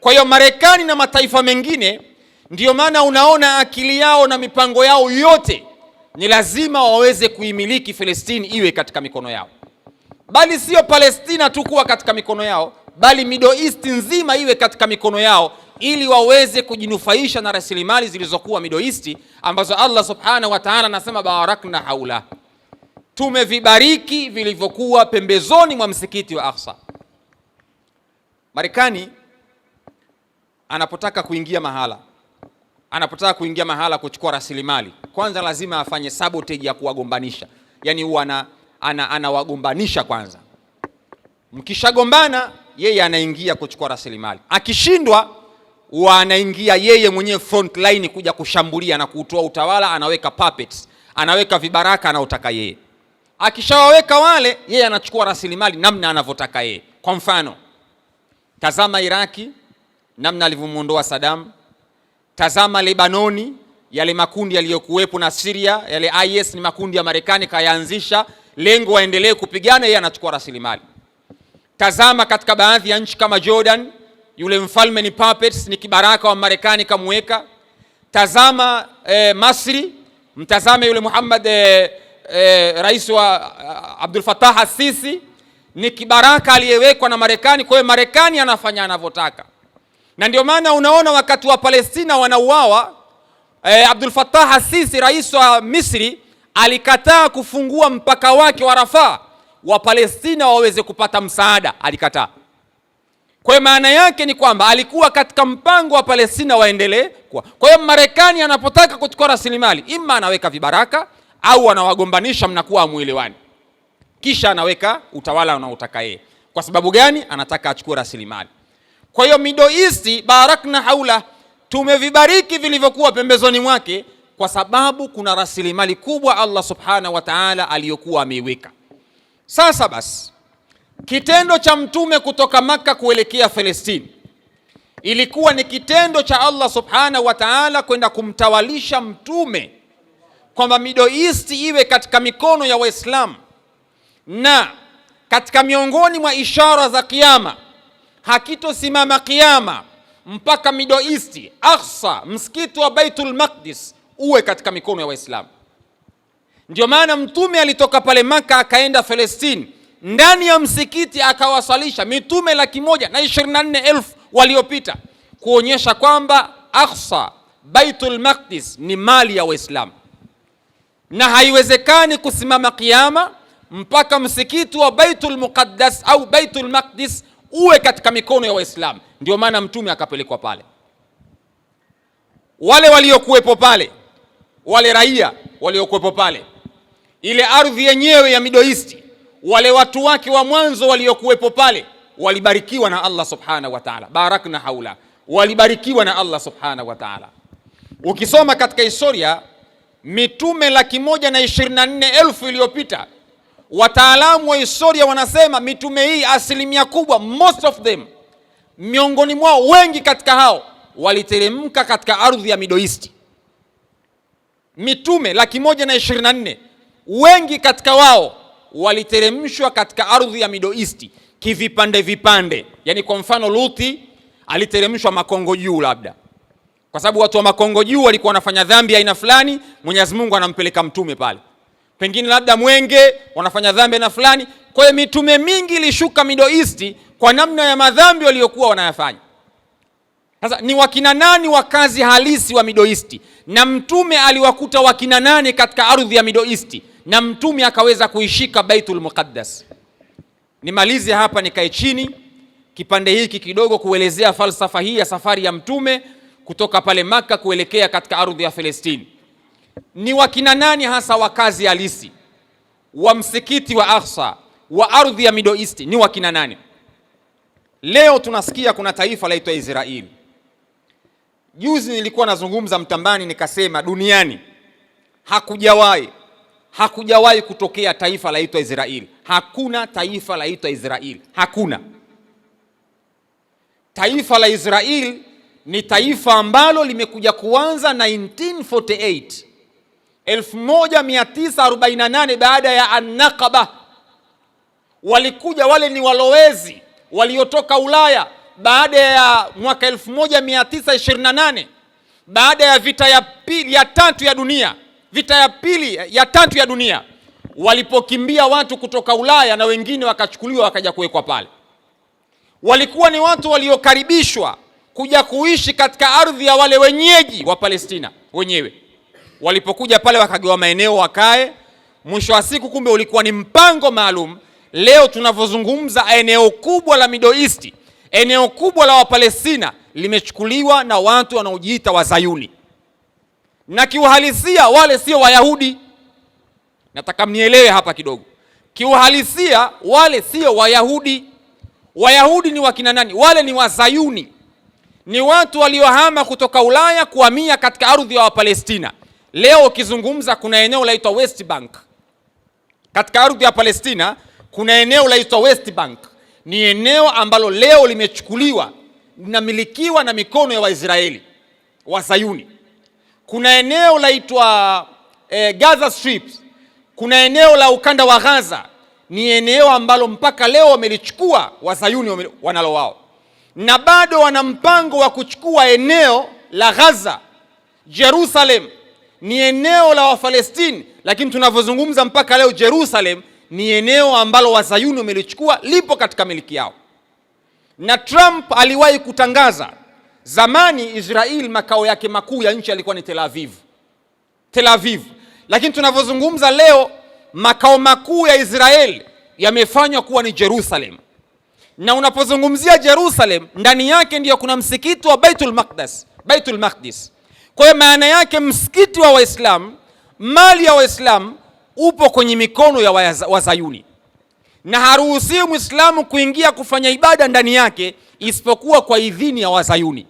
Kwa hiyo Marekani na mataifa mengine, ndiyo maana unaona akili yao na mipango yao yote ni lazima waweze kuimiliki Felestini iwe katika mikono yao, bali sio Palestina tu kuwa katika mikono yao, bali Middle East nzima iwe katika mikono yao ili waweze kujinufaisha na rasilimali zilizokuwa Middle East ambazo Allah subhanahu wa ta'ala anasema barakna haula, tumevibariki vilivyokuwa pembezoni mwa msikiti wa Aqsa. Marekani anapotaka kuingia mahala, anapotaka kuingia mahala kuchukua rasilimali, kwanza lazima afanye sabotage ya kuwagombanisha, yaani huwa anawagombanisha ana, ana kwanza. Mkishagombana yeye anaingia kuchukua rasilimali, akishindwa huwa anaingia yeye mwenyewe front line kuja kushambulia na kuutoa utawala, anaweka puppets, anaweka vibaraka anaotaka yeye. Akishawaweka wale, yeye anachukua rasilimali namna anavyotaka yeye. Kwa mfano, tazama Iraki namna alivyomwondoa Saddam. Tazama Lebanoni, yale makundi yaliyokuwepo na Syria, yale IS ni makundi ya Marekani kayaanzisha, lengo waendelee kupigana, yeye anachukua rasilimali. Tazama katika baadhi ya nchi kama Jordan, yule mfalme ni puppets, ni kibaraka wa Marekani kamweka. Tazama eh, Masri, mtazame yule Muhammad eh, eh, rais wa eh, Abdul Fattah Sisi ni kibaraka aliyewekwa na Marekani. Kwa hiyo Marekani anafanya anavyotaka na ndio maana unaona wakati wa Palestina wanauawa e, Abdul Fattah Asisi rais wa Misri alikataa kufungua mpaka wake wa Rafaa wa Palestina waweze kupata msaada, alikataa. Kwa hiyo maana yake ni kwamba alikuwa katika mpango wa Palestina waendelee Kwa hiyo Marekani anapotaka kuchukua rasilimali, ima anaweka vibaraka au anawagombanisha, mnakuwa hamuelewani, kisha anaweka utawala unaotaka yeye. Kwa sababu gani? Anataka achukue rasilimali. Kwa hiyo Middle East barakna haula, tumevibariki vilivyokuwa pembezoni mwake, kwa sababu kuna rasilimali kubwa Allah subhanahu wa ta'ala aliyokuwa ameiweka. Sasa basi kitendo cha mtume kutoka Makka kuelekea Palestina ilikuwa ni kitendo cha Allah subhanahu wa ta'ala kwenda kumtawalisha mtume kwamba Middle East iwe katika mikono ya Waislamu, na katika miongoni mwa ishara za kiyama hakitosimama kiama mpaka Middle East msikiti wa Baitul Maqdis uwe katika mikono ya Waislamu. Ndio maana Mtume alitoka pale Maka akaenda felestini ndani ya msikiti akawasalisha mitume laki moja na ishirini na nne elfu waliopita, kuonyesha kwamba aksa Baitul Maqdis ni mali ya Waislamu, na haiwezekani kusimama kiama mpaka msikiti wa Baitul Muqaddas au Baitul Maqdis uwe katika mikono ya Waislamu. Ndio maana mtume akapelekwa pale. Wale waliokuwepo pale, wale raia waliokuwepo pale, ile ardhi yenyewe ya Middle East, wale watu wake wa mwanzo waliokuwepo pale walibarikiwa na Allah subhanahu wa ta'ala, barakna haula, walibarikiwa na Allah subhanahu wa ta'ala. Ukisoma katika historia mitume laki moja na ishirini na nne elfu iliyopita Wataalamu wa historia wanasema mitume hii asilimia kubwa, most of them, miongoni mwao wengi katika hao waliteremka katika ardhi ya midoisti Mitume laki moja na ishirini na nne wengi katika wao waliteremshwa katika ardhi ya midoisti kivipande vipande. Yani kwa mfano Luthi aliteremshwa Makongo Juu, labda kwa sababu watu wa Makongo Juu walikuwa wanafanya dhambi aina fulani, Mwenyezi Mungu anampeleka mtume pale pengine labda mwenge, wanafanya dhambi na fulani. Kwa hiyo mitume mingi ilishuka Middle East kwa namna ya madhambi waliokuwa wanayafanya. Sasa ni wakina nani wakazi halisi wa Middle East? Na mtume aliwakuta wakina nani katika ardhi ya Middle East? Na mtume akaweza kuishika Baitul Muqaddas. Nimalize hapa nikae chini kipande hiki kidogo kuelezea falsafa hii ya safari ya mtume kutoka pale Makka kuelekea katika ardhi ya Palestina ni wakina nani hasa wakazi halisi wa msikiti wa Aqsa wa ardhi ya Middle East ni wakina nani? Leo tunasikia kuna taifa laitwa Israeli. Juzi nilikuwa nazungumza Mtambani nikasema duniani hakujawahi hakujawahi kutokea taifa laitwa Israeli. Hakuna taifa laitwa Israeli, hakuna taifa la Israeli. Ni taifa ambalo limekuja kuanza 1948 1948 baada ya Annaqaba, walikuja wale ni walowezi waliotoka Ulaya baada ya mwaka 1928 baada ya vita ya pili ya tatu ya dunia, vita ya pili ya tatu ya dunia, walipokimbia watu kutoka Ulaya na wengine wakachukuliwa wakaja kuwekwa pale. Walikuwa ni watu waliokaribishwa kuja kuishi katika ardhi ya wale wenyeji wa Palestina wenyewe walipokuja pale wakagawa maeneo wakae. Mwisho wa siku, kumbe ulikuwa ni mpango maalum. Leo tunavyozungumza, eneo kubwa la Middle East, eneo kubwa la Wapalestina limechukuliwa na watu wanaojiita Wazayuni, na kiuhalisia wale sio Wayahudi. Nataka mnielewe hapa kidogo. Kiuhalisia wale sio Wayahudi. Wayahudi ni wakina nani? Wale ni Wazayuni, ni watu waliohama kutoka Ulaya kuhamia katika ardhi ya Wapalestina. Leo ukizungumza kuna eneo laitwa West Bank katika ardhi ya Palestina, kuna eneo laitwa West Bank. Ni eneo ambalo leo limechukuliwa linamilikiwa na mikono ya Waisraeli Wazayuni. Kuna eneo laitwa eh, Gaza Strip, kuna eneo la ukanda wa Gaza, ni eneo ambalo mpaka leo wamelichukua Wazayuni wanalo wao, na bado wana mpango wa kuchukua eneo la Gaza Jerusalem ni eneo la Wafalestini, lakini tunavyozungumza mpaka leo Jerusalem ni eneo ambalo wazayuni wamelichukua, lipo katika miliki yao. Na Trump aliwahi kutangaza zamani, Israel makao yake makuu ya nchi alikuwa ni Tel Aviv, Tel Aviv, lakini tunavyozungumza leo makao makuu ya Israel yamefanywa kuwa ni Jerusalem. Na unapozungumzia Jerusalem, ndani yake ndiyo kuna msikiti wa Baitul Maqdis, Baitul Maqdis kwa hiyo maana yake msikiti wa Waislamu, mali ya Waislamu upo kwenye mikono ya Wazayuni na haruhusiwi Mwislamu kuingia kufanya ibada ndani yake isipokuwa kwa idhini ya Wazayuni,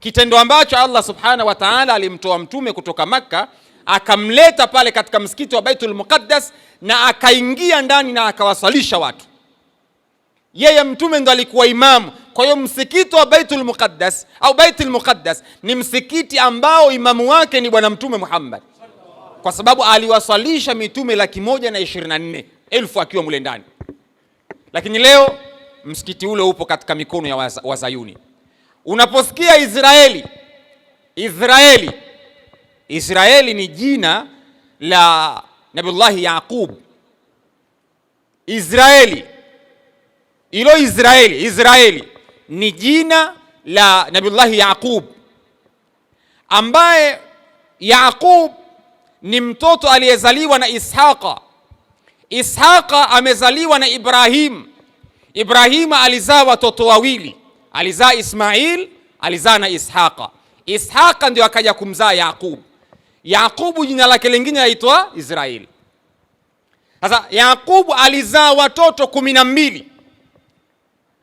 kitendo ambacho Allah subhanahu wa ta'ala alimtoa mtume kutoka Makka akamleta pale katika msikiti wa Baitul Muqaddas na akaingia ndani na akawasalisha watu. Yeye mtume ndo alikuwa imamu, kwa hiyo msikiti wa Baitul Muqaddas au Baitul Muqaddas ni msikiti ambao imamu wake ni Bwana Mtume Muhammad, kwa sababu aliwaswalisha mitume laki moja na ishirini na nne elfu akiwa mule ndani, lakini leo msikiti ule upo katika mikono ya Wazayuni. Unaposikia Israeli, Israeli, Israeli ni jina la Nabiullahi Yaqub. Israeli ilo Israeli, Israeli ni jina la Nabiullahi Yaqub, ambaye Yaqub ni mtoto aliyezaliwa na Ishaqa. Ishaqa amezaliwa na Ibrahim. Ibrahima alizaa watoto wawili, alizaa Ismail, alizaa na Ishaqa. Ishaqa ndio akaja kumzaa Yaqub. Yaqubu jina lake lingine aitwa Israeli. Sasa Yaqubu alizaa watoto kumi na mbili,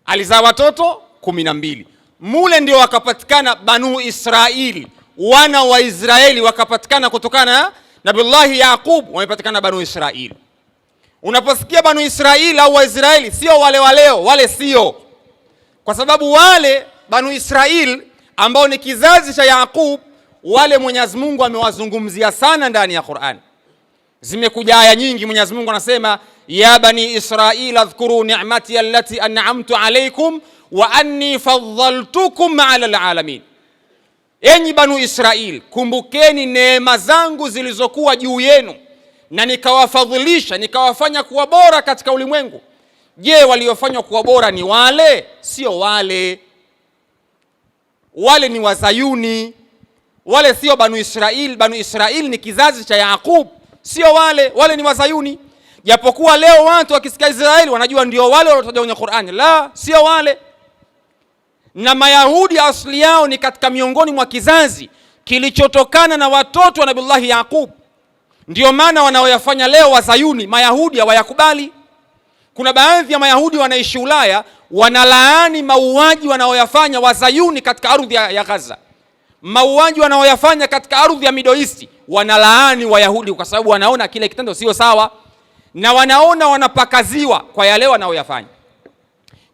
alizaa watoto kumi na mbili mule ndio wakapatikana Banu Israili, wana wa Israeli wakapatikana kutokana na Nabiullahi Yaqub, wamepatikana Banu Israili. Unaposikia Banu Israili au Waisraeli, sio wale waleo, wale sio, kwa sababu wale Banu Israili ambao ni kizazi cha Yaqub, wale Mwenyezi Mungu amewazungumzia sana ndani ya Qur'an. Zimekuja aya nyingi, Mwenyezi Mungu anasema ya bani israil adhkuru ni'mati allati an'amtu alaykum wa anni faddaltukum ala alalamin, enyi Banu Israil, kumbukeni neema zangu zilizokuwa juu yenu na nikawafadhilisha nikawafanya kuwa bora katika ulimwengu. Je, waliofanywa kuwa bora ni wale? Sio wale, wale ni Wazayuni, wale sio Banu Israil. Banu Israil ni kizazi cha Yaqub, sio wale, wale ni Wazayuni. Japokuwa leo watu wakisikia Israeli wanajua ndio wale waliotajwa kwenye Qur'ani, la, sio wale na Mayahudi asili yao ni katika miongoni mwa kizazi kilichotokana na watoto wa nabillahi Yaqub. ndio maana wanaoyafanya leo Wazayuni, Mayahudi hawayakubali. Kuna baadhi ya Mayahudi wanaishi Ulaya wanalaani mauaji wanaoyafanya Wazayuni katika ardhi ya Gaza, mauaji wanaoyafanya katika ardhi ya Midoisti. Wanalaani Wayahudi kwa sababu wanaona kile kitendo sio sawa, na wanaona wanapakaziwa kwa yale wanaoyafanya.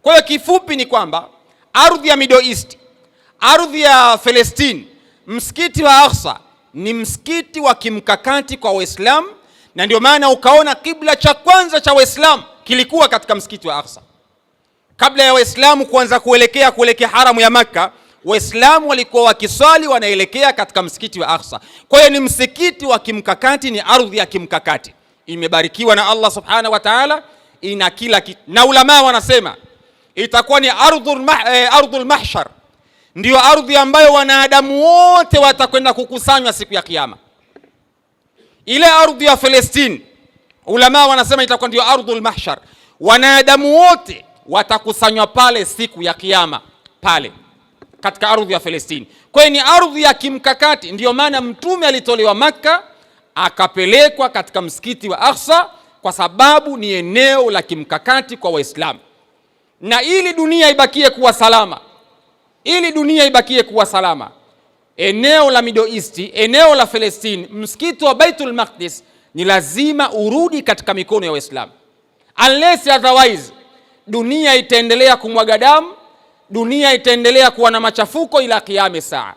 Kwa hiyo kifupi ni kwamba ardhi ya Middle East, ardhi ya Palestine, msikiti wa Aqsa ni msikiti wa kimkakati kwa Waislamu, na ndio maana ukaona kibla cha kwanza cha Waislamu kilikuwa katika msikiti wa Aqsa. Kabla ya Waislamu kuanza kuelekea kuelekea haramu ya Makka, Waislamu walikuwa wakiswali wanaelekea katika msikiti wa Aqsa. Kwa hiyo ni msikiti wa kimkakati, ni ardhi ya kimkakati, imebarikiwa na Allah subhanahu wa ta'ala, ina kila kitu, na ulamaa wanasema itakuwa ni ardhul eh, ardhul mahshar, ndio ardhi ambayo wanadamu wote watakwenda kukusanywa siku ya Kiyama. Ile ardhi ya Palestina, ulama wanasema itakuwa ndio ardhul mahshar, wanadamu wote watakusanywa pale siku ya Kiyama pale katika ardhi ya Palestina. Kwa hiyo ni ardhi ya kimkakati, ndio maana mtume alitolewa Makka akapelekwa katika msikiti wa Aqsa kwa sababu ni eneo la kimkakati kwa Waislamu na ili dunia ibakie kuwa salama, ili dunia ibakie kuwa salama, eneo la Middle East, eneo la Palestine, msikiti wa Baitul Maqdis ni lazima urudi katika mikono ya Waislamu, unless otherwise dunia itaendelea kumwaga damu, dunia itaendelea kuwa na machafuko ila kiame saa.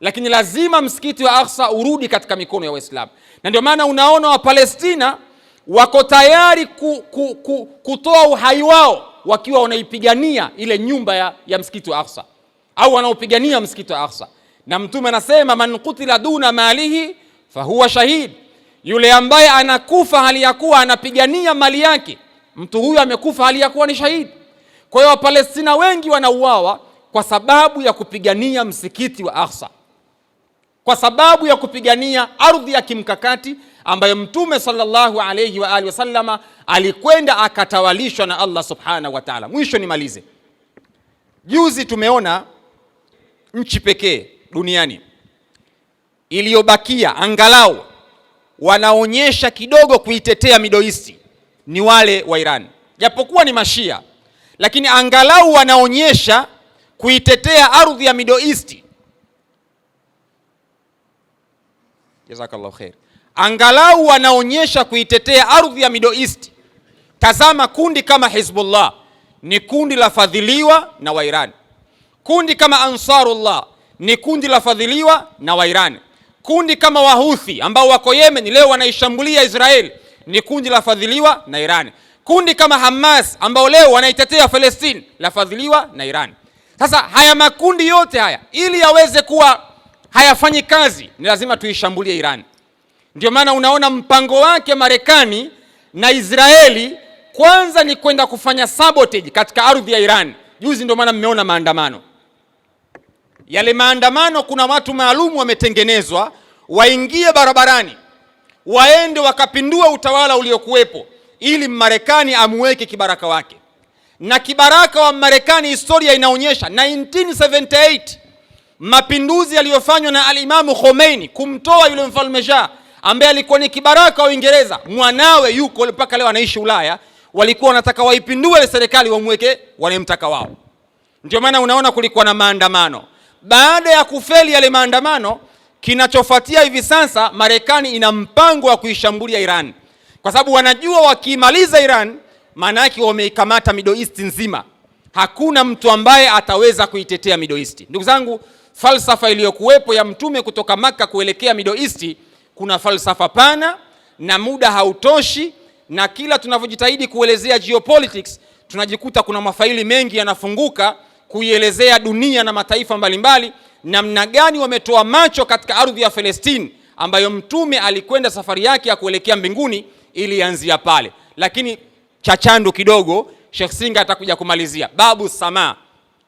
Lakini lazima msikiti wa Aqsa urudi katika mikono ya Waislamu, na ndio maana unaona Wapalestina wako tayari ku, ku, ku, kutoa uhai wao wakiwa wanaipigania ile nyumba ya, ya msikiti wa Aqsa au wanaopigania msikiti wa Aqsa, na mtume anasema man kutila duna malihi fahuwa shahid, yule ambaye anakufa hali ya kuwa anapigania mali yake, mtu huyu amekufa hali ya kuwa ni shahidi. Kwa hiyo Wapalestina wengi wanauawa kwa sababu ya kupigania msikiti wa Aqsa, kwa sababu ya kupigania ardhi ya kimkakati ambayo Mtume sallallahu alayhi wa alihi wasallama alikwenda akatawalishwa na Allah subhanahu wa ta'ala. Mwisho nimalize, juzi tumeona nchi pekee duniani iliyobakia angalau wanaonyesha kidogo kuitetea midoisti ni wale wa Iran, japokuwa ni mashia, lakini angalau wanaonyesha kuitetea ardhi ya midoisti. Jazakallahu khair angalau wanaonyesha kuitetea ardhi ya Middle East. Tazama kundi kama Hizbullah ni kundi la fadhiliwa na Wairani. Kundi kama Ansarullah ni kundi la fadhiliwa na Wairani. Kundi kama Wahuthi ambao wako Yemen leo wanaishambulia Israeli ni kundi la fadhiliwa na Irani. Kundi kama Hamas ambao leo wanaitetea Palestine lafadhiliwa na Irani. Sasa haya makundi yote haya ili yaweze kuwa hayafanyi kazi, ni lazima tuishambulie Irani. Ndio maana unaona mpango wake Marekani na Israeli kwanza ni kwenda kufanya sabotage katika ardhi ya Iran. Juzi ndio maana mmeona maandamano yale. Maandamano kuna watu maalum wametengenezwa waingie barabarani waende wakapindua utawala uliokuwepo ili Marekani amuweke kibaraka wake, na kibaraka wa Marekani historia inaonyesha 1978 mapinduzi yaliyofanywa na alimamu Khomeini kumtoa yule mfalme Shah ambaye alikuwa ni kibaraka wa Uingereza, mwanawe yuko mpaka leo anaishi Ulaya. Walikuwa wanataka waipindue ile serikali, wamweke wanayemtaka wao. Ndio maana unaona kulikuwa na maandamano. Baada ya kufeli yale maandamano, kinachofuatia hivi sasa, Marekani ina mpango wa kuishambulia Iran kwa sababu wanajua wakiimaliza Iran, maana yake wameikamata Middle East nzima. Hakuna mtu ambaye ataweza kuitetea Middle East. Ndugu zangu, falsafa iliyokuwepo ya mtume kutoka Maka kuelekea Middle East kuna falsafa pana na muda hautoshi, na kila tunavyojitahidi kuelezea geopolitics tunajikuta kuna mafaili mengi yanafunguka kuielezea dunia na mataifa mbalimbali namna gani wametoa macho katika ardhi ya Palestina ambayo mtume alikwenda safari yake ya kuelekea mbinguni ilianzia pale. Lakini cha chando kidogo, Sheikh Singa atakuja kumalizia babu samaa,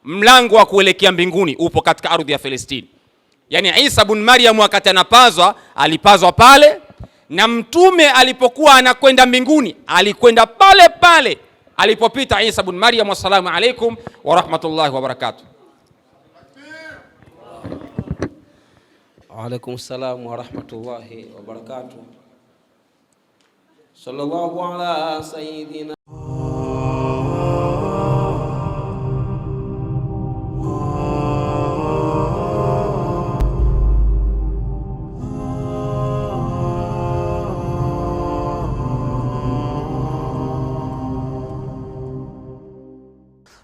mlango wa kuelekea mbinguni upo katika ardhi ya Palestina. Yaani Isa bin Maryam wakati anapazwa alipazwa pale, na mtume alipokuwa anakwenda mbinguni alikwenda pale pale alipopita Isa bin Maryam. Wassalamu alaikum warahmatullahi wabarakatuh. Waalaikum salam wa barakatuh. Sallallahu ala sayyidina